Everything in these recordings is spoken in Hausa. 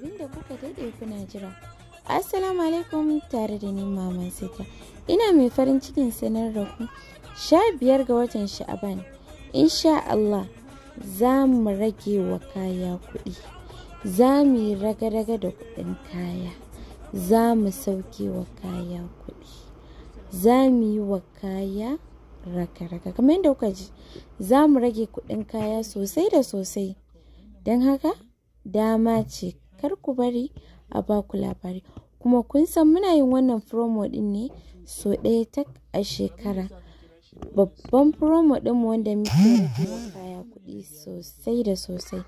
abinda kuka daɗe kuna jira. Assalamu alaikum tare da ni Maman Sita. Ina mai farin cikin sanar da ku sha biyar ga watan Sha'aban. Insha Allah za mu rage wa kaya kuɗi. Za mu yi raga-raga da kuɗin kaya. Za mu sauke wa kaya kuɗi. Za mu yi wa kaya raka-raka, Kamar yadda kuka ji, za mu rage kuɗin kaya sosai da sosai. Don haka, dama ce kar ku bari a baku ku labari kuma kun san muna yin wannan promo din ne so ɗaya tak a shekara babban promo ɗinmu wanda muke rage kaya kuɗi sosai da sosai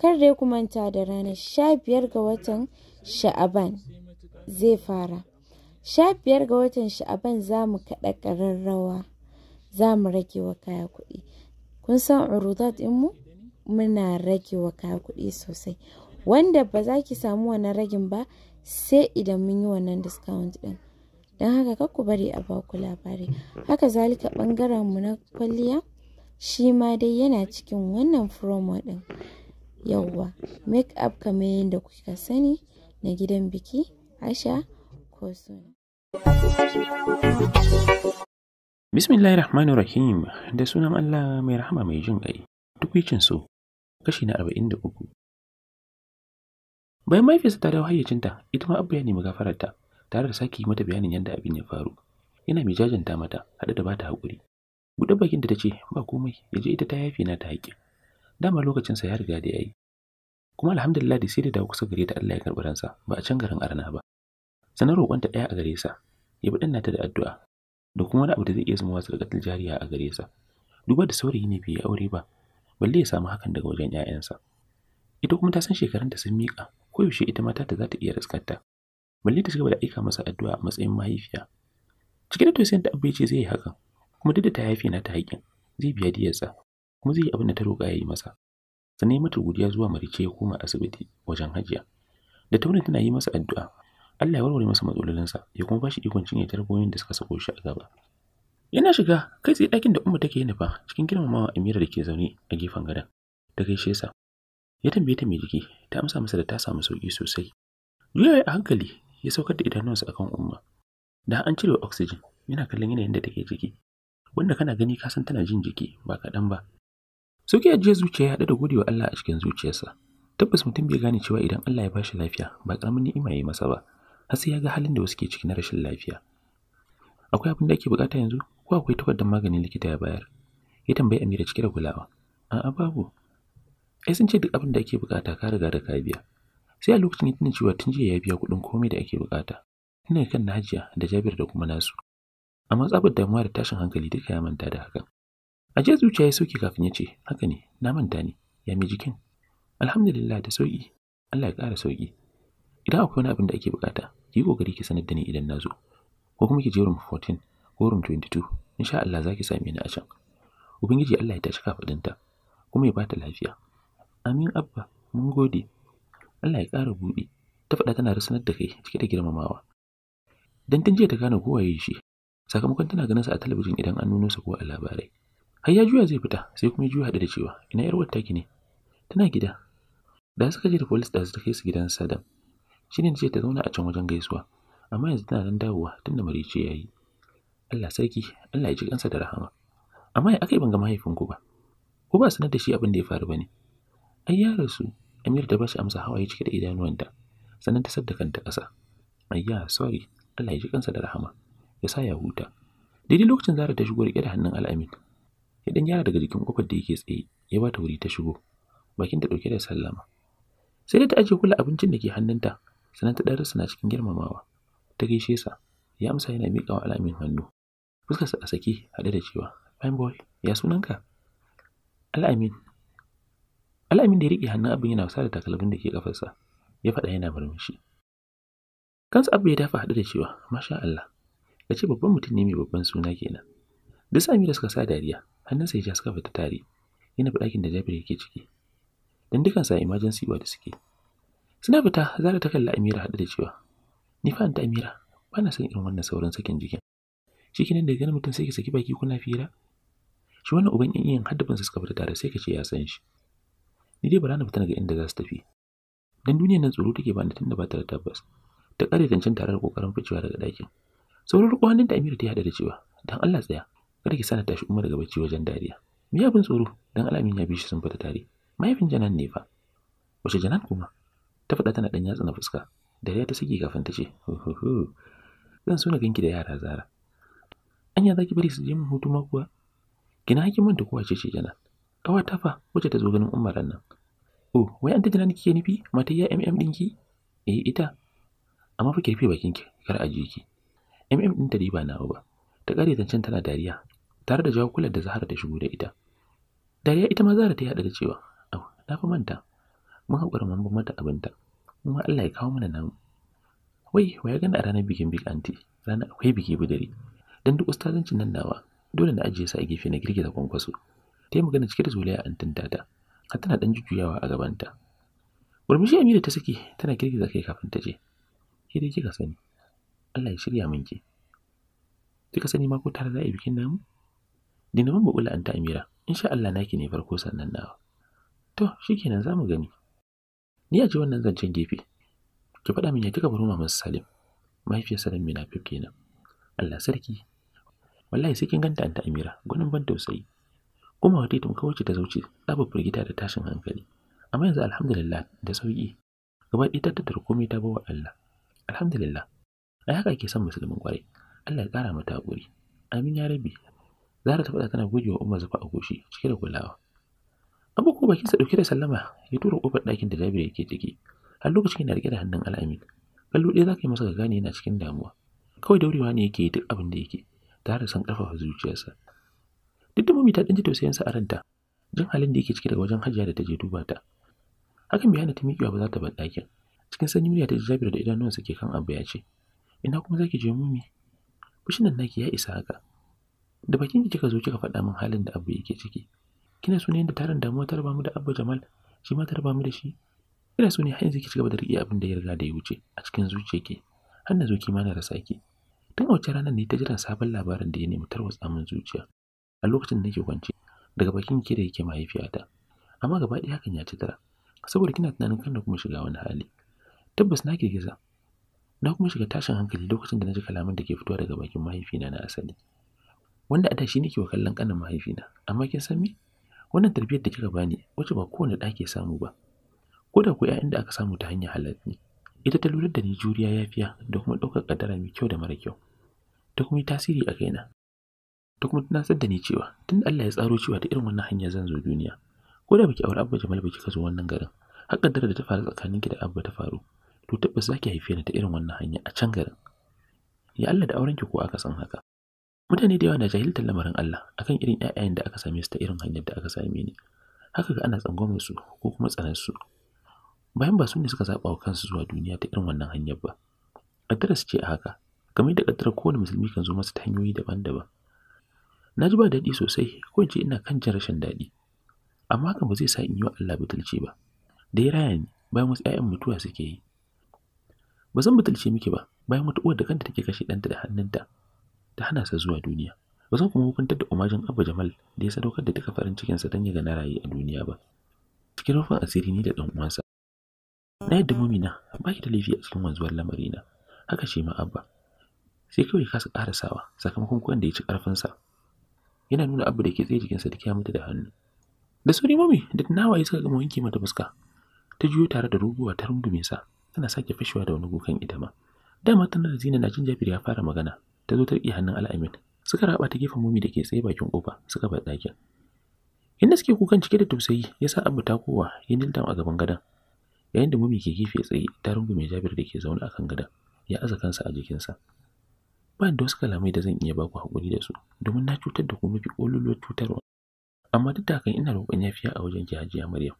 kar dai ku manta da ranar sha biyar ga watan sha'aban zai fara sha biyar ga watan sha'aban za mu kaɗa ƙararrawa za mu rage wa kaya kuɗi kun san urudat mu muna rage wa kaya kuɗi sosai wanda ba za ki samu wannan ragin ba sai idan mun yi wannan discount din don haka ka ku bari a baku labari haka zalika bangaren mu na kwalliya shi ma dai yana cikin wannan promo din yauwa make up kamar yadda kuka sani na gidan biki asha ko suna Bismillahir Rahmanir Rahim da sunan Allah mai rahama mai jin ƙai. Tukwicin so kashi na arba'in da bayan mahaifiyarsa ta dawo hayyacinta ita ma abba ya nemi gafararta tare da sake yi mata bayanin yadda abin ya faru yana mai jajanta mata haɗe da bata haƙuri buɗe bakin da ta ce ba komai ya je ita ta yafe na ta haƙƙi. dama lokacinsa ya riga da ya yi kuma alhamdulillah da sai da dawo kusa gare ta Allah ya karɓi ransa ba a can garin arna ba sanar roƙonta ɗaya a gare sa ya buɗe nata da addu'a da kuma wani abu da zai iya zama sadaqatul jariya a gare sa duba da saurayi ne bai aure ba balle ya samu hakan daga wajen 'ya'yansa ita kuma ta san shekarunta sun miƙa koyaushe ita mata ta za ta iya riskarta balle ta cigaba da aika masa addu'a a matsayin mahaifiya Cikin da tausayin da abu ce zai yi hakan kuma duk da ta haife na ta haƙin zai biya diyarsa kuma zai yi abin da ta roƙa ya yi masa sannan ya mata godiya zuwa marice ya koma asibiti wajen hajiya da taurin tana yi masa addu'a Allah ya warware masa matsalolinsa ya kuma ba shi ikon cinye tarboyin da suka sako shi a gaba yana shiga kai tsaye ɗakin da umma take nufa cikin girmamawa Amira da ke zaune a gefen gadon ta gaishe sa ya tambaye ta mai jiki ta amsa masa da ta samu sauki sosai juyawa a hankali ya saukar da idanunsa akan umma da an cire oxygen yana kallon yanayin da take jiki wanda kana gani ka san tana jin jiki ba kaɗan ba sauki ajiyar zuciya ya haɗu da godewa Allah a cikin zuciyarsa tabbas mutum bai gane cewa idan Allah ya bashi lafiya ba ƙaramin ni'ima ya masa ba har sai ya ga halin da wasu ke ciki na rashin lafiya akwai abin da ake bukata yanzu ko akwai takardar maganin likita ya bayar ya tambayi Amira cike da kulawa a'a babu ai sun ce duk abin da ake bukata ka riga da ka biya sai a lokacin ya cewa tun jiya ya biya kuɗin komai da ake bukata ina kan Najiya da Jabir da kuma nasu amma tsabar damuwa da tashin hankali duka ya manta da hakan a jiya zuciya ya soke kafin ya ce haka ne na manta ne ya mai jikin alhamdulillah da sauki Allah ya ƙara sauki idan akwai wani abin da ake bukata ki kokari ki sanar da ni idan na zo ko kuma ki je room 14 ko room 22 insha Allah zaki same ni a can ubangiji Allah ya tashi kafadinta kuma ya bata lafiya Amin Abba, mun gode. Allah ya ƙara buɗe. Ta faɗa tana rasanar da kai cike da girmamawa. Dan tun jiya ta gane kowa ya yi shi. Sakamakon tana ganin sa a talabijin idan an nuno sa ko a labarai. Har ya juya zai fita sai kuma ya juya haɗe da cewa ina yar wata ki ne. Tana gida. Da suka je da polis da suka kai su gidan sadam Shi ne ta zauna a can wajen gaisuwa. Amma yanzu tana nan dawowa tun da marice ya yi. Allah sarki, Allah ya ji kansa da rahama. Amma ya aka yi ban ga mahaifinku ba. Ko ba sanar da shi abin da ya faru ba ne. ai ya rasu amir ta bashi amsa hawaye cike da idanuwanta sannan ta sadda kanta ƙasa ayya sorry Allah ya ji kansa da rahama ya sa ya huta daidai lokacin zara ta shigo riƙe da hannun al'amin ya dan gyara daga jikin kofar da yake tsaye ya bata wuri ta shigo bakin ta dauke da sallama sai da ta aje kula abincin da ke hannunta sannan ta darasa na cikin girmamawa ta gaishe sa ya amsa yana miƙa wa al'amin hannu fuskarsa a saki haɗe da cewa fine boy ya sunanka al'amin Al'amin da ya riƙe hannun abin yana wasa da takalmin da ke kafarsa, ya faɗa yana murmushi. Kansa abu ya dafa haɗu da cewa, Masha Allah, ka ce babban mutum ne mai babban suna kenan. Duk sami da suka sa dariya, hannunsa ya ja suka fita tare, yana fi ɗakin da Jabir yake ciki. Dan dukansa wa da suke. Suna fita, za ta kalla Amira haɗu da cewa, Ni fa ta Amira, ba na son irin wannan sauran sakin jikin. Shi kenan da ganin mutum sai ki saki baki kuna fira? Shi wannan uban yan iyayen haddabansa suka fita tare sai ka ce ya san shi. ni dai ba na fita daga inda za su tafi dan duniyar nan tsoro take bani tunda ba ta da tabbas ta kare tantan tare da kokarin ficewa daga ɗakin sauran riko da Amira ta hada da cewa dan Allah tsaya kada ki sana tashi umma daga bacci wajen dariya me abin tsoro dan alamin ya bi shi sun fita tare mahaifin Janan ne fa wace Janan kuma ta faɗa tana dan yatsa na fuska dariya ta saki kafin ta ce zan so na ganki da yara Zara anya zaki bari su je mu hutu ma kuwa kina hakimin kowace ce Janan ƙawata fa wacce ta zo ganin umaran nan oh wai an ta niki kike nufi mata ya mm ki? eh ita amma fa ki rufe bakin ki kar a ji ki mm din dai ba nawa ba ta ƙare zancen tana dariya tare da jawo kular da Zahara ta shigo da ita dariya ita ma Zahara ta yi da cewa oh na fa manta mun haƙura mun bar mata abinta ma Allah ya kawo mana namu wai waya gani a ranar bikin big anti ranar akwai biki budare dan duk ustazancin nan nawa dole na ajiye su a gefe na girgiza kwankwaso ta yi magana cike da zolaya an ta. har tana ɗan jujjuyawa a gabanta murmushi amira ta saki tana girgiza kai kafin ta je ke dai kika sani Allah ya shirya min ki kika sani ma ko tare za a yi bikin namu dina ban bubula anta amira insha Allah naki ne farko sannan nawa to shikenan zamu gani ni a ji wannan zancen gefe ki faɗa min ya kika buru mamar Salim mahaifiyar Salim mina fif kenan Allah sarki wallahi sai kin ganta anta amira gwanin ban tausayi kuma wata tun kawai ta zauce tsabar firgita da tashin hankali amma yanzu alhamdulillah da sauki gaba ɗaya ta tattara komai ta bawa Allah alhamdulillah A haka ake son musulmin kwarai Allah ya kara mata hakuri amin ya rabi. Zara ta faɗa tana gujewa Umma zufa a goshi cike da kulawa Abu ko bakinsa ɗauke da sallama ya tura kofar ɗakin da Jabir yake ciki har lokacin yana riƙe da hannun Al'amin kallo ɗaya zaka yi masa gane yana cikin damuwa kawai daurewa ne yake duk abin da yake tare da san ƙarfafa zuciyarsa duk da mami ta ɗan ji tausayinsa a ranta jin halin da yake ciki daga wajen hajiya da ta je duba ta hakan bai ta miƙewa ba za ta bar ɗakin cikin sanyi murya ta ji jabir da idanuwansa ke kan abu ya ce ina kuma zaki je mumi fushin nan naki ya isa haka da bakin ki kika zo kika faɗa min halin da abu yake ciki kina so ne da tarin damuwa ta raba mu da Abba Jamal shi ma ta raba mu da shi ina so ne har yanzu ki cigaba da riƙe abin da ya riga da ya wuce a cikin zuciya ke. na zo ki ma na rasa ki tun a wacce ranar ne ta jiran sabon labarin da ya nemi tarwatsa min zuciya a lokacin da nake kwance daga bakin ki da yake mahaifiyata amma gaba ɗaya hakan ya ci tara saboda kina tunanin kan da kuma shiga wani hali tabbas na girgiza na kuma shiga tashin hankali lokacin da na ji kalaman da ke fitowa daga bakin mahaifina na asali wanda a da shi nake wa kallon kanin mahaifina amma kin san me wannan tarbiyyar da kika bani wacce ba kowane ɗa ke samu ba ko da ku ƴaƴan da aka samu ta hanyar halal ne ita ta lura da ni juriya yafiya da kuma ɗaukar ƙaddara mai kyau da mara kyau ta kuma yi tasiri a kaina ta kuma tana da ni cewa tun Allah ya tsaro cewa ta irin wannan hanya zan zo duniya ko da baki aure Abba Jamal baki ka zo wannan garin har kaddara da ta faru tsakaninki da Abba ta faru to tabbas zaki haife ni ta irin wannan hanya a can garin ya Allah da aurenki ko aka san haka mutane da yawa na jahiltar lamarin Allah akan irin ƴaƴayen da aka same su ta irin hanyar da aka same ni haka ga ana tsangwamar su ko kuma tsanar su bayan ba su ne suka zaba wa kansu zuwa duniya ta irin wannan hanyar ba kaddara ce a haka kamar da kaddara kowane musulmi kan zo masa ta hanyoyi daban-daban na ji ba daɗi sosai ko ce ina kan jin rashin daɗi amma kan ba zai sa in yi wa Allah butulci ba da ya raya ni bayan wasu ƴaƴan mutuwa suke yi ba zan butulce miki ba bayan wata uwar da kanta take kashe ɗanta da hannunta ta hana sa zuwa duniya ba zan kuma hukuntar da umajin Abba Jamal da ya sadaukar da duka farin cikinsa don ya ga na a duniya ba cikin rufin asiri ni da ɗan uwansa na yadda mumina ba ki da laifi a cikin wanzuwar lamari na, haka shi ma abba sai kawai kasa karasawa sakamakon kwan da ya ci ƙarfinsa. yana nuna abu da ke tsaye jikinsa da mata da hannu da sauri mami da tunawaye suka gama wanke mata fuska ta juyo tare da ruguwa ta rungume sa tana sake fashewa da wani gukan ita ma dama tana da zina na jin jabir ya fara magana ta zo ta riƙe hannun al'amin suka raba ta gefen Mami da ke tsaye bakin kofa suka bar ɗakin inda suke kukan cike da tausayi ya sa ta kowa ya nilta a gaban gadon yayin da Mami ke gefe tsaye ta rungume jabir da ke zaune kan gadon ya aza kansa a jikinsa ba da wasu kalamai da zan iya ba ku haƙuri da su domin na cutar da ku mafi ƙololuwar cutarwa amma duk da hakan ina roƙon yafiya a wajen hajiya maryam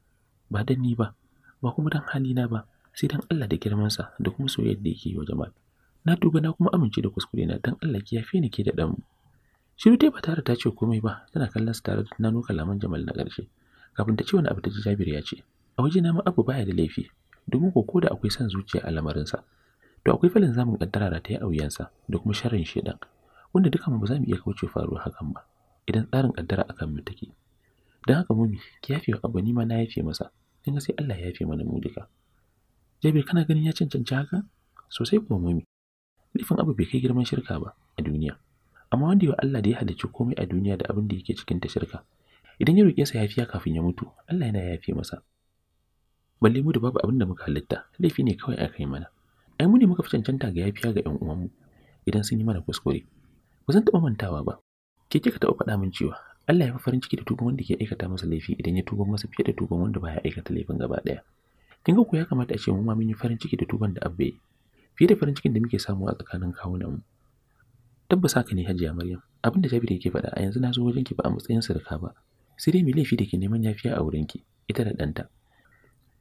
ba dan ni ba ba kuma dan halina ba sai dan Allah da girmansa da kuma soyayyar da yake yi wa jama'a na duba na kuma amince da kuskure na dan Allah ki yafe ni ke da dan shiru dai ba tare ta ce komai ba tana kallon su tare da tunano kalaman Jamal na ƙarshe kafin ta ce wani abu ta ji Jabir ya ce a waje na ma abu baya da laifi domin ko da akwai son zuciya a lamarinsa to akwai falin zamun kaddara da ta yi auyansa da kuma sharrin shedan wanda duka mu ba za mu iya kauce faruwar hakan ba idan tsarin kaddara akan mu take Don haka mumi ki yafe wa abu ni ma na yafe masa in ga sai Allah ya yafe mana mu duka Jabe kana ganin ya cancanci haka sosai kuma mumi laifin abu bai kai girman shirka ba a duniya amma wanda yawa Allah da ya halarci komai a duniya da abin da yake cikin ta shirka idan ya roƙe sa yafiya kafin ya mutu Allah yana yafe masa balle mu da babu abin da muka halitta laifi ne kawai aka kai mana ai mu ne muka fi cancanta ga yafiya ga 'yan uwanmu idan sun yi mana kuskure ba zan taɓa mantawa ba ke kika taɓa faɗa min cewa Allah ya fi farin ciki da tuban wanda ke aikata masa laifi idan ya tuba masa fiye da tuban wanda baya aikata laifin gaba ɗaya kin ga ku ya kamata a ce mu ma mun yi farin ciki da tuban da abbe fiye da farin cikin da muke samu a tsakanin kawunan mu tabbas haka ne hajiya maryam abin da jabiru yake faɗa a yanzu na zo wajen ki ba a matsayin sadaka ba sai dai mai laifi da ke neman yafiya a wurin ki ita da ɗanta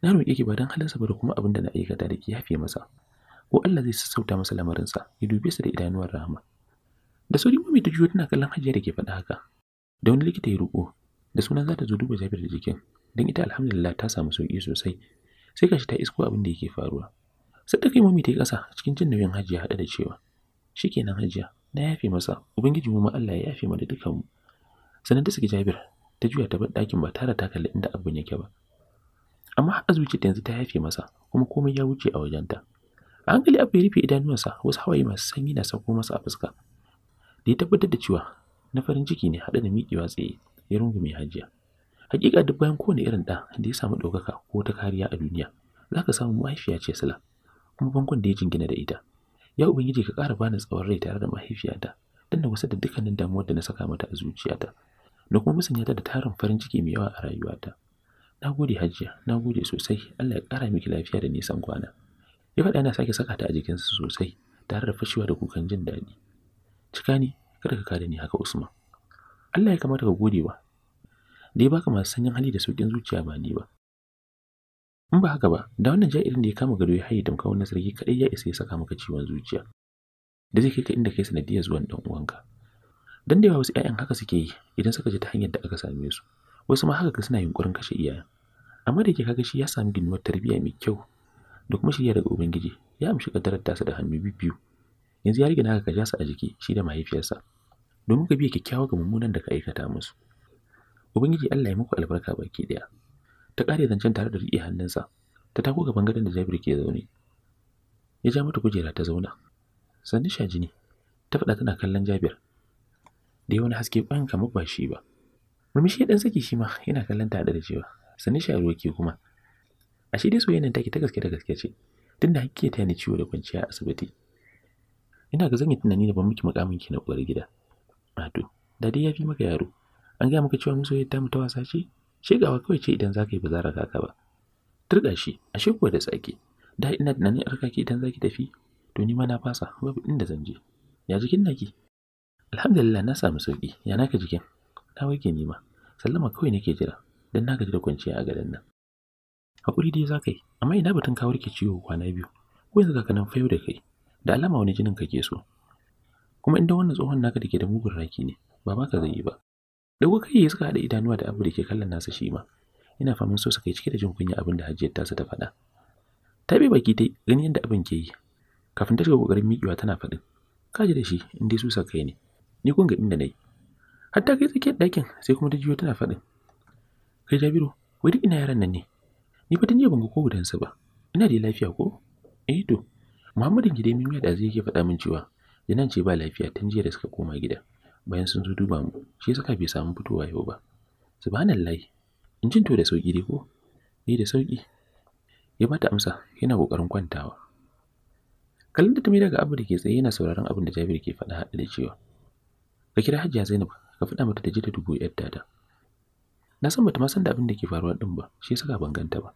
na roƙe ki ba don halin ba da kuma abin da na aikata da ki yafe masa ko Allah zai sassauta masa lamarinsa ya dube su da idanuwar rahama da sauri mami ta juyo tana kallon hajiya da ke faɗa haka da wani likita ya roƙo da sunan za ta zo duba jabir da jikin don ita alhamdulillah ta samu sauƙi sosai sai kashi ta isko abin da yake faruwa sai ta kai mami ta yi ƙasa cikin jin nauyin hajiya haɗe da cewa Shi kenan hajiya na yafe masa ubangiji mu ma Allah ya yafe mana dukanmu sannan ta suke jabir ta juya ta bar ɗakin ba tare ta kalli inda abin yake ba amma har zuciyarta yanzu ta yafe masa kuma komai ya wuce a wajenta a hankali abu ya rufe idanuwansa wasu hawaye masu sanyi na sauko masu a fuska da ya tabbatar da cewa na farin ciki ne haɗa da miƙewa tsaye ya rungume hajiya hakika duk bayan kowane irin ɗa da ya samu ɗaukaka ko ta kariya a duniya za ka samu mahaifiya ce sila kuma bangon da ya jingina da ita ya ubangiji ka ƙara bani tsawon rai tare da mahaifiyata don na wasu da dukkanin damuwar da na saka mata a zuciyata na kuma musanya ta da tarin farin ciki mai yawa a rayuwata na gode hajiya na gode sosai allah ya ƙara miki lafiya da nisan kwana ya faɗa yana sake saka ta a jikinsa sosai tare da fashewa da kukan jin daɗi cika ne kada ka kada ni haka usman Allah ya kamata ka gode wa da ya baka masu sanyin hali da sauƙin zuciya ba ne ba in ba haka ba da wannan ja'irin da ya kama gado ya haye tamka wannan sarki kaɗai ya isa ya saka maka ciwon zuciya da zai kai ka inda kai sanadiyar zuwan dan uwanka dan da yawa wasu ƴaƴan haka suke yi idan suka ji ta hanyar da aka same su wasu ma haka suna yunkurin kashe iyayen amma da yake kaga shi ya sami ginuwar tarbiyya mai kyau Duk kuma daga ubangiji ya amshi kaddarar tasa da hannu biyu yanzu ya rige naka ka jasa a jiki shi da mahaifiyarsa domin ka biya kyakkyawa ga mummunan da ka aikata musu ubangiji Allah ya muku albarka baki daya ta kare zancen tare da riƙe hannunsa ta tako gaban gadon da Jabir ke zaune ya ja mata kujera ta zauna sannu jini. ta faɗa tana kallon Jabir da ya wani haske ƙwayan kamar ba shi ba murmushi ya ɗan saki shi ma yana kallon ta da cewa sannu sharuwa ke kuma ashe dai soyayyar take ta gaske da gaske ce tunda hakki ta ni ciwo da kwanciya a asibiti ina ga zan yi tunani da ban miki mukamin ki na uwar gida wato Dadi da dai yafi maka yaro an ga maka cewa mu soyayyar ta mu ta wasa ce shegawa kawai ce idan zaka yi ba kaka ba turka shi ashe kuwa da tsaki da ina tunanin arkaki ki idan zaki tafi to ni ma na fasa babu inda zan je ya jikin naki alhamdulillah na samu sauki ya naka jikin na warke ni ma sallama kawai nake jira dan na gaji da kwanciya a garin nan Hakuri dai za ka yi amma ina batun kawo rike ciwo kwana biyu ko yanzu ka nan fayo da kai da alama wani jinin kake so kuma inda wannan tsohon naka da ke da mugun raki ne ba ma ka zai yi ba dago kai suka haɗa idanuwa da abu da ke kallon nasa shi ma ina famin so suka yi cike da jin kunya abin da hajiyar tasa ta faɗa ta bi baki ta gani yadda abin ke yi kafin ta shiga kokarin miƙewa tana faɗin ka ji da shi in dai su sa kai ne ni kun ga inda na yi har kai tsakiyar ɗakin sai kuma ta jiyo tana faɗin kai jabiru wai duk ina yaran nan ne ni fa tun jiya ban ga ko gudansu ba ina da lafiya ko eh to Muhammadin gida min da zai yake faɗa min cewa Janan ce ba lafiya tun jiya da suka koma gida bayan sun zo duba mu shi saka bai samu fitowa yau ba subhanallahi in jin to da sauki dai ko eh da sauki ya bata amsa yana kokarin kwantawa kallon da tumi daga abu da ke tsaye yana sauraron abin da Jabir ke faɗa da cewa ka kira Hajiya Zainab ka faɗa mata ta ji ta dubo yar data. na san bata ma san da abin da ke faruwa din ba shi yasa ban ganta ba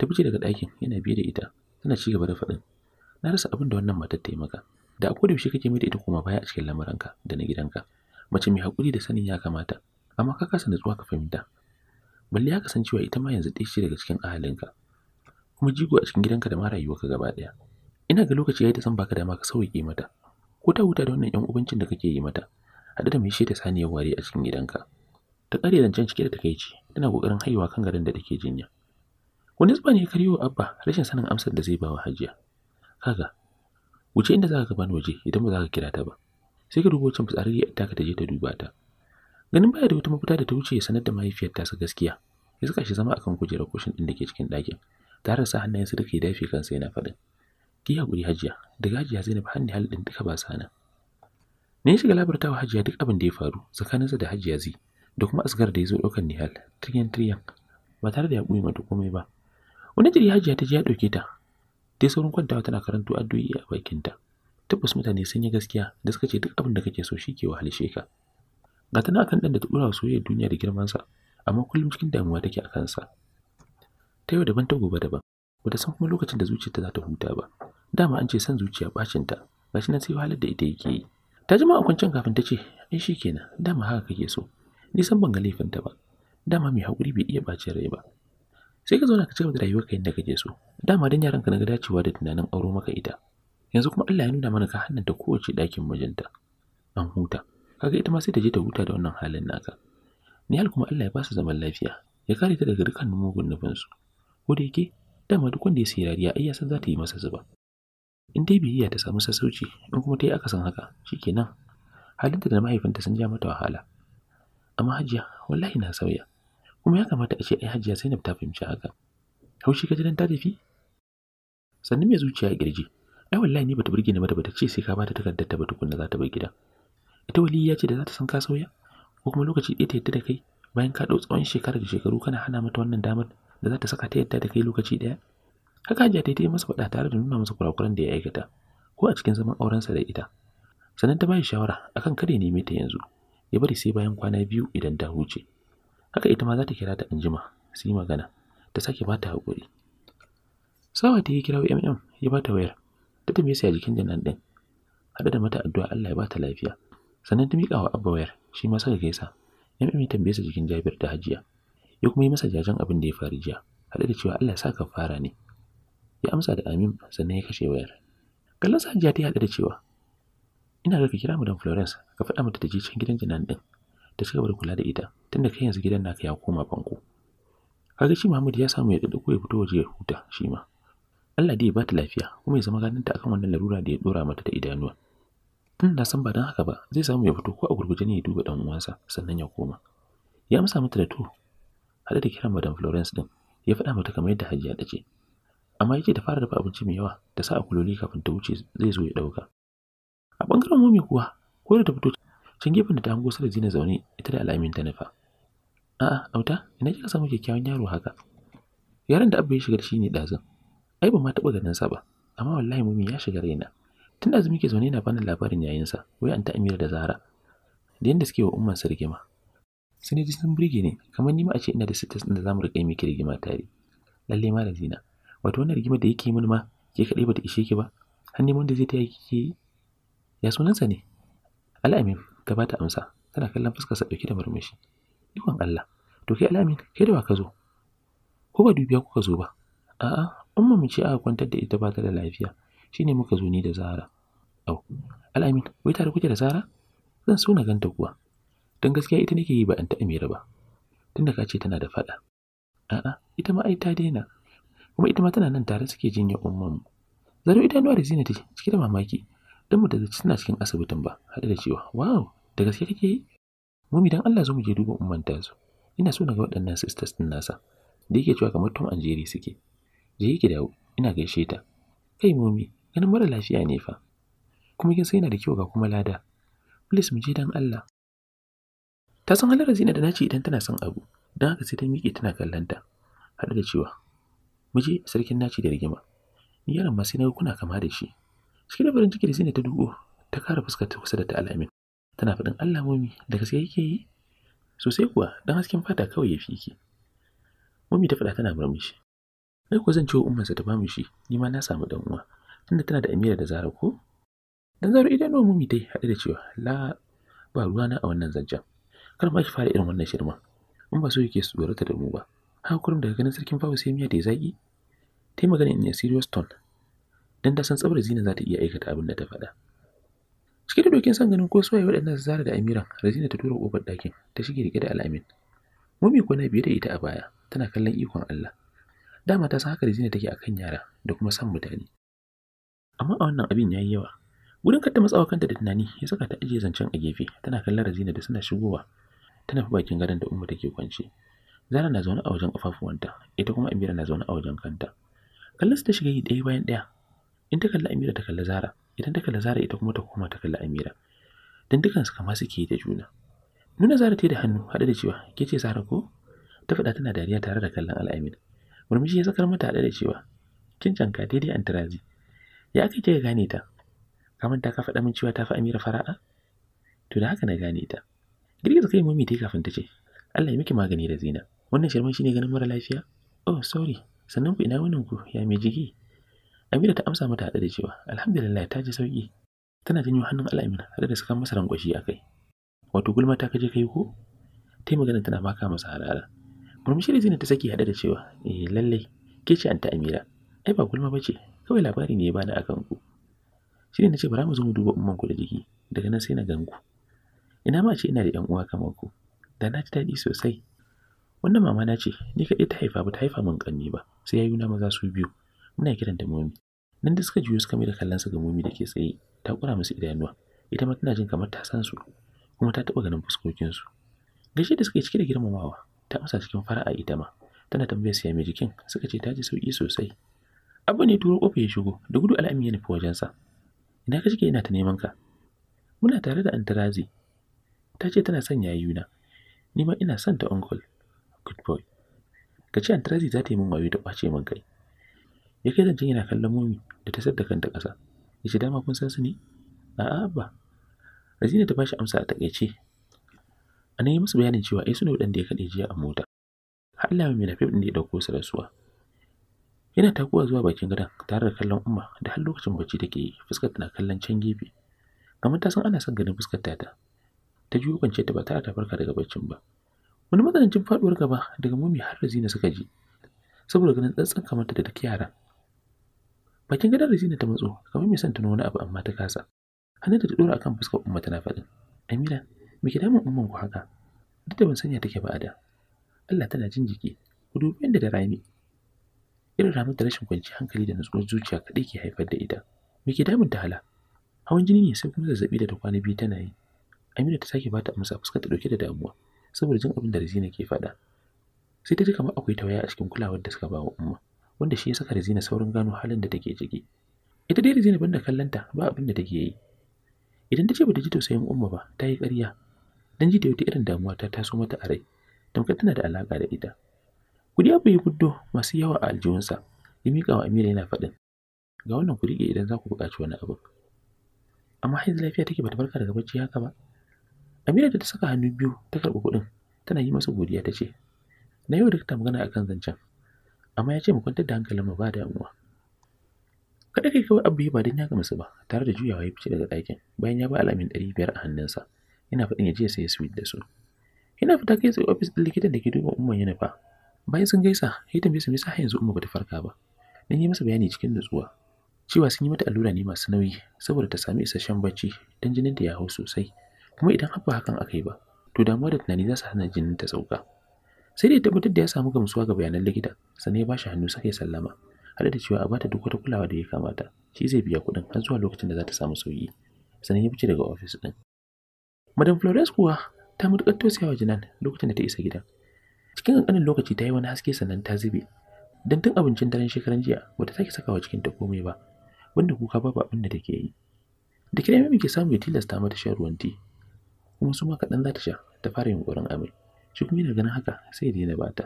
ta fice daga ɗakin yana biye da ita tana ci gaba da faɗin na rasa abin da wannan matar ta yi maka da a kodayaushe kake mai da ita kuma baya a cikin lamuranka da na gidanka mace mai haƙuri da sanin ya kamata amma ka kasa natsuwa ka fahimta balle ya kasance cewa ita ma yanzu ɗaya ce daga cikin ahalinka kuma jigo a cikin gidanka da ma rayuwarka gaba ɗaya ina ga lokaci ya yi ta san baka dama ka sauke mata ko ta huta da wannan yan ubancin da kake yi mata haɗu da mai shi ta saniyar ware a cikin gidanka ta tsare zancen cike da takaici tana kokarin haihuwa kan garin da take jinya wani zuba ne ya karyo abba rashin sanin amsar da zai bawa hajiya kaga wuce inda za ka bani waje idan ba za ka kira ta ba sai ka dubo wancan fitsararri a taka ta je ta duba ta ganin baya da wata mafita da ta wuce ya sanar da mahaifiyar tasa gaskiya ya saka shi zama akan kujerar kushin ɗin da ke cikin ɗakin tare sa su duka ya dafe kansa yana faɗin ki hakuri hajiya daga hajiya zainab hannu halin duka ba sana ne ya shiga wa hajiya duk abin da ya faru tsakaninsa da hajiya zai da kuma asgar da ya zo ɗaukar nihal tiryan tiryan ba tare da ya ɓuyi mata komai ba wani jiri hajiya ta je ya ɗauke ta dai saurin kwantawa tana karanto addu'o'i a bakinta tabbas mutane sun yi gaskiya da suka ce duk abin da kake so shi ke wahalishe ka ga tana akan ɗan da ta ɗora soyayyar duniya da girmansa amma kullum cikin damuwa take a kansa ta yau daban ta gobe daban Ba ta san kuma lokacin da zuciyarta za ta huta ba dama an ce san zuciya bacinta gashi nan sai wahalar da ita yake yi ta jima a kwancin kafin ta ce ai kenan dama haka kake so nisan ban ga laifinta ba dama mai haƙuri bai iya ɓacin rai ba sai ka zauna ka cigaba da rayuwarka yadda kake so dama dan yaranka na ga dacewa da tunanin auro maka ita yanzu kuma Allah ya nuna mana ka hannanta kowace ɗakin mijinta an huta Ka ga ita ma sai ta je ta huta da wannan halin naka Ni hal kuma Allah ya ba su zaman lafiya ya kare ta daga dukkanin mugun nufinsu ko da yake dama duk wanda ya sayi rariya ai ya san za ta yi masa zuba in dai biyayya ta samu sassauci in kuma ta yi aka akasin haka shi shikenan halinta da mahaifinta sun ja mata wahala amma hajiya wallahi na sauya kuma ya kamata a ce ai hajiya Zainab ta fahimci haka haushi ka dan ta tafi sannan mai zuciya ya girje ai wallahi ni bata burge ni ba bata ce sai ka bata takardar ta bata tukunna za ta bar gida ita wali ya ce da za ta san ka sauya ko kuma lokaci ɗaya ta yadda da kai bayan ka ɗau tsawon shekara da shekaru kana hana mata wannan damar da za ta saka ta yadda da kai lokaci ɗaya haka hajiya ta yi masa faɗa tare da nuna masa kurakuran da ya aikata ko a cikin zaman aurensa da ita sannan ta bayar shawara akan kada ya neme ta yanzu ya bari sai bayan kwana biyu idan ta huce haka ita ma za ta kira ta anjima su yi magana ta sake ba ta haƙuri sawa ta yi kira mm ya ba ta wayar ta tambaye sa jikin janan ɗin haɗa da mata addu'a Allah ya ba ta lafiya sannan ta miƙa wa abba wayar shi ma saka gaisa mm ya tambaye sa jikin jabir da hajiya ya kuma yi masa jajen abin da ya faru jiya haɗa da cewa Allah ya sa ka fara ne ya amsa da amin sannan ya kashe wayar kallon sa hajiya ta yi haɗa da cewa ina ga ka kira mu dan Florence ka faɗa mata ta je cikin gidan Janan din ta cigaba da kula da ita tunda kai yanzu gidan naka ya koma banko kaga shi Muhammad ya samu ya ko ya fito waje ya huta shi ma Allah dai ya bata lafiya kuma ya zama ganinta akan wannan larura da ya dora mata da idanuwa tun hmm, na san ba dan haka ba zai samu ya fito ko a gurguje ne ya duba dan uwansa sannan ya koma ya amsa mata da to hada da kiran madam Florence din ya faɗa mata kamar yadda Hajiya ta ce amma yake ta fara dafa abinci mai yawa ta sa a kuloli kafin ta wuce zai zo ya dauka a bangaren momi kuwa ko da ta fito can gefen da ta hango sada zina zaune ita da alamin ta nufa a'a auta ina kika samu kyakkyawan yaro haka yaron da abba ya shigar shine ɗazun ai ba ma taɓa ganin sa ba amma wallahi momi ya shiga raina tun da ke zaune na bani labarin yayin sa wai an ta amira da zahara da yadda suke wa umman su rigima sun ji sun burge ne kamar ni ma a ce ina da sitas da zamu riƙe miki rigima tare Lallai ma da zina wato wannan rigima da yake mini ma ke kaɗai bata ishe ki ba hannun da zai ta yi kike yi ya sunansa ne al'amin ta amsa tana kallon fuskar sa dauke da murmushi ikon Allah to kai al'amin kai da wa ka zo ko ba dubiya kuka zo ba a'a umma mu ce aka kwantar da ita ba ta da lafiya shine muka zo ni da Zara au al'amin wai tare kuke da Zara zan so na ganta kuwa dan gaskiya ita nake yi ba an ta Amira ba tunda ka ce tana da fada a'a ita ma ai ta daina kuma ita ma tana nan tare suke jinya umman mu zaro nuwa da zina take cike da mamaki Dan mu daga suna cikin asibitin ba, haɗe da cewa, "Wow, da gaske kake yi?" Mummy dan Allah zo mu je duba umman ta su. Ina so na ga waɗannan sisters din nasa. Da yake cewa kamar tun Anjeri suke. Je yake dawo, ina gaishe ta. Kai Mumi, ganin mara lafiya ne fa. Kuma kin sai yana da kyau ga kuma lada. Please mu je dan Allah. Ta san halar Zina da naci idan tana son abu, dan haka sai ta miƙe tana kallon ta. Haɗe da cewa, "Mu je sarkin naci da rigima." Ni yaron ma sai na kuna kama da shi. cikin farin ciki da sai ta duko ta kara fuskar ta kusa da ta alamin tana faɗin Allah mumi da gaske yake yi sosai kuwa dan hasken fata kawai ya fiki Mumi ta faɗa tana murmushi ai ko zan ciwo ummarsa ta bamu shi ni ma na samu dan uwa tunda tana da Amira da Zara ko dan Zara idanuwa Mumi dai haɗe da cewa la ba ruwana a wannan zancen kar ma ki fara irin wannan shirma in ba so yake su tsorata da mu ba haka kurum daga ganin sarkin fawo sai miya da zaki ta yi magana in a serious tone dan ta san tsabar zina za ta iya aikata abin da ta faɗa cike da dokin san ganin ko suwaye waɗannan zara da amira razina ta tura kofar ɗakin ta shige rike da al'amin mummy ko na biye da ita a baya tana kallon ikon Allah dama ta san haka razina take akan yara da kuma san mutane amma a wannan abin ya yi yawa Wurin kanta matsawa kanta da tunani ya saka ta ajiye zancen a gefe tana kallon razina da suna shigowa tana fi bakin gadon da umma take kwance zara na zaune a wajen kafafuwanta ita kuma amira na zaune a wajen kanta kallon su ta shiga yi ɗaya bayan ɗaya in ta kalli Amira ta kalli Zara idan ta kalli Zara ita kuma ta koma ta kalla Amira dan dukansu kama suke da juna nuna Zara ta da hannu hada da cewa ke ce Zara ko ta faɗa tana dariya tare da kallon Al'amin murmushi ya sakar mata hada da cewa kin canka daidai an tarazi ya kai kika gane ta kamar ta ka faɗa min cewa ta fi Amira fara'a to da haka na gane ta girgiza kai mami ta kafin ta ce Allah ya miki magani da zina wannan shirman shine ganin mara lafiya oh sorry sannan ku ina wannan ku ya mai jiki Amira ta amsa mata haɗe da cewa alhamdulillah ta ji sauki. Tana janyo hannun Al'amin haɗe da saka masa rangwashi a kai. Wato gulma ta kaje kai ko? Ta yi magana tana maka masa harara. Murmushi da Zainab ta saki haɗe da cewa eh lallai ke ce anta Amira. Ai ba gulma ba ce kawai labari ne ya bani akan ku. Shi ne na ce bara mu zo mu duba umman ku da jiki daga nan sai na gan ku. Ina ma ce ina da ƴan uwa kamar ku. Da na ji daɗi sosai. Wannan mama na ce ni kaɗai ta haifa ba ta haifa min ƙanni ba sai yayuna maza su biyu muna kiran da nan da suka juyo suka mai da kallon su ga Mumi da ke tsaye ta kura musu idanuwa ita ma tana jin kamar ta san su kuma ta taɓa ganin fuskokin su gashi da suke cike da girmamawa ta amsa cikin fara'a ita ma tana tambayar siya mai jikin suka ce ta ji sauki sosai abu ne turo kofa ya shigo da gudu al'ami ya nufi wajensa ina ka shige ina ta neman ka muna tare da antarazi ta ce tana son yayuna ni ma ina son ta uncle good boy ka ce antarazi za ta yi min wayo ta kwace min kai ya kai da yana kallon mumi da ta sadda kanta ƙasa ya ce dama kun san su ne a'a ba razina ta bashi amsa a takaice a nan yi musu bayanin cewa ai eh, su ne waɗanda ya kaɗe jiya a mota har Allah mai nafi ɗin da ya ɗauko su rasuwa yana takuwa zuwa bakin gadon tare da kallon umma da har lokacin bacci take yi fuskar tana kallon can gefe kamar ta san ana son ganin fuskar ta ta ta juyo kwance ta ba tare ta farka daga baccin ba wani matsanancin faɗuwar gaba daga mumi har da zina suka ji saboda ganin tsantsan kamar ta da duk yaran. bakin gidan Regina ta matso kamar mai son tuno wani abu amma ta kasa hannun ta dora akan fuskar umma tana faɗin Amira me ke damun umman ku haka duk da ban sanya take ba a da Allah tana jin jiki ku dubi yadda da rami irin ramar da rashin kwanci hankali da nutsuwar zuciya kaɗai ke haifar da ita me ke damun ta hala hawan jini ne sai kuma zazzabi da ta kwana biyu tana yi Amira ta sake bata amsa fuskar ta dauke da damuwa saboda jin abin da Rizina ke faɗa sai ta ji kamar akwai tawaya a cikin kulawar da suka ba umma wanda shi ya saka Rizina saurin gano halin da take ciki. Ita dai Rizina banda kallanta ba abin da take yi. Idan ta ce bata ji tausayin Umma ba, ta yi ƙarya. Dan ji da wata irin damuwa ta taso mata a rai, tamkar tana da alaƙa da ita. Kudi abu yi guddo masu yawa a aljihunsa, ya miƙa wa Amira yana faɗin. Ga wannan ku riƙe idan za ku buƙaci wani abu. Amma yanzu lafiya take bata barka daga bacci haka ba. Amira da ta saka hannu biyu ta karɓi kuɗin, tana yi masa godiya ta ce, Na yau da ta magana akan zancen, amma ya ce mu kwantar da mu ba damuwa kada kai kawai abu ba don ya masu ba tare da juyawa ya fice daga ɗakin bayan ya ba alamin ɗari biyar a hannunsa yana faɗin ya je sai sweet da su yana fita kai tsaye ofis ɗin likitan da ke duba umman yana fa bayan sun gaisa ya tambaye su me yasa yanzu umma bata farka ba dan yi masa bayani cikin nutsuwa cewa sun yi mata allura ne masu nauyi saboda ta sami isasshen bacci dan jinin ta ya hau sosai kuma idan haka hakan aka yi ba to damuwa da tunani za su hana jinin ta sauka sai dai tabbatar da ya samu gamsuwa ga bayanan likita sannan ya bashi hannu sai sallama haɗe da cewa a bata duk wata kulawa da ya kamata shi zai biya kuɗin har zuwa lokacin da za ta samu sauyi sannan ya fice daga ofis ɗin madam florence kuwa ta matuƙar tausayawa jinan lokacin da ta isa gida cikin ƙanƙanin lokaci ta yi wani haske sannan ta zube don tun abincin daren shekaran jiya bata sake sakawa cikin ta komai ba wanda kuka babu abin da take yi da mai ke samu ya tilasta mata shan ruwan ti kuma su ma kaɗan za ta sha ta fara yunƙurin amai shi kuma yana ganin haka sai ya daina bata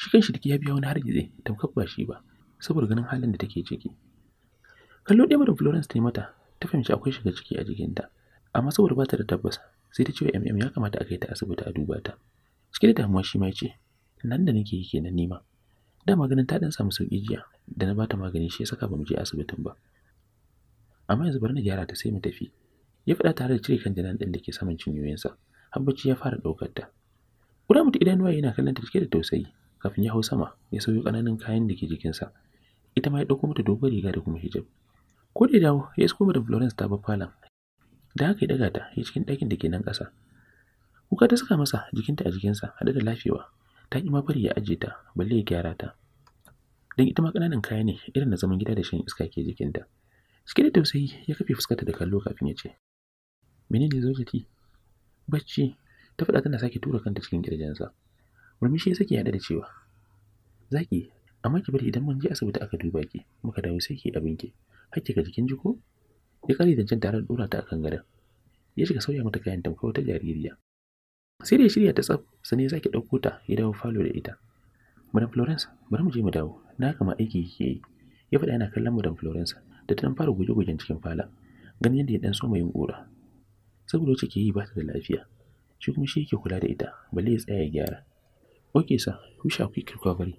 shi kan shi ya biya wani hargitse tamkar ba shi ba saboda ganin halin da take ciki kallo ɗaya da florence ta yi mata ta fahimci akwai shiga ciki a jikinta amma saboda ba ta da tabbas sai ta ce wa mm ya kamata a kai ta asibiti a duba ta cike da damuwa shi ma ya ce nan da nake yi nan nima da maganin ta dan samu sauki jiya da na bata magani shi ya saka ba mu je asibitin ba amma yanzu bari na gyara ta sai mu tafi ya faɗa tare da cire kan janan ɗin da ke saman cinyoyinsa har bacci ya fara ɗaukar ta. Kuna mutu idanuwa yana kallon ta cike da tausayi kafin ya hau sama ya sauyo ƙananan kayan da ke jikinsa. Ita ma ya ɗauko mata dogon riga da kuma hijab. Ko da dawo ya isko mata Florence ta bar falon. Da haka ya ɗaga ta ya cikin ɗakin da ke nan ƙasa. Kuka ta saka masa jikinta a jikinsa haɗe da lafiyawa. Ta ƙi ma bari ya ajiye ta balle ya gyara ta. Don ita ma ƙananan kaya ne irin na zaman gida da shan iska ke jikinta. Cike da tausayi ya kafe fuskarta da kallo kafin ya ce, Menene zo ki? bacci ta faɗa tana sake tura kanta cikin ƙirjinsa. murmushi ya sake yada da cewa zaki amma ki bari idan mun je asibiti aka duba ki muka dawo sai ki abin ki hakki ga jikin jiko ya kare dan tare da dora ta akan gadon ya shiga sauya mata kayan tamkar wata jaririya sai da shirya ta tsaf sani ya sake ɗauko ta ya dawo falo da ita madam florence bari mu je mu dawo na kama aiki yake yi ya faɗa yana kallon madam florence da ta fara guje-gujen cikin fala ganin yadda ya ɗan so mai yin kura. saboda wacce ke yi ba ta da lafiya shi kuma shi yake kula da ita balle ya tsaya ya gyara sa, sir wish a quick bari.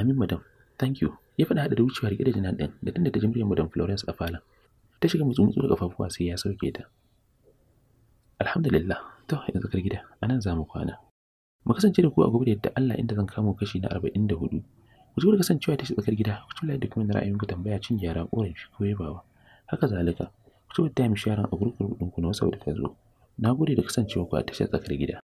amin madam thank you ya faɗa haɗa da wucewa gida da jinan ɗin da tunda ta jimriyar madam florence a falon ta shiga mutsumutsu tsoro kafafuwa sai ya sauke ta alhamdulillah to yanzu zakar gida anan za mu kwana mu kasance da ku a gobe da yadda Allah inda zan kamo kashi na 44 ku ji kasancewa ta shi tsakar gida ku tula da kuma ra'ayin ku tambaya cin gyara korafi ko yabawa haka zalika ku da time sharing a group group ɗinku na WhatsApp da ta zo, Na gode da kasancewa ku a tashar tsakar gida.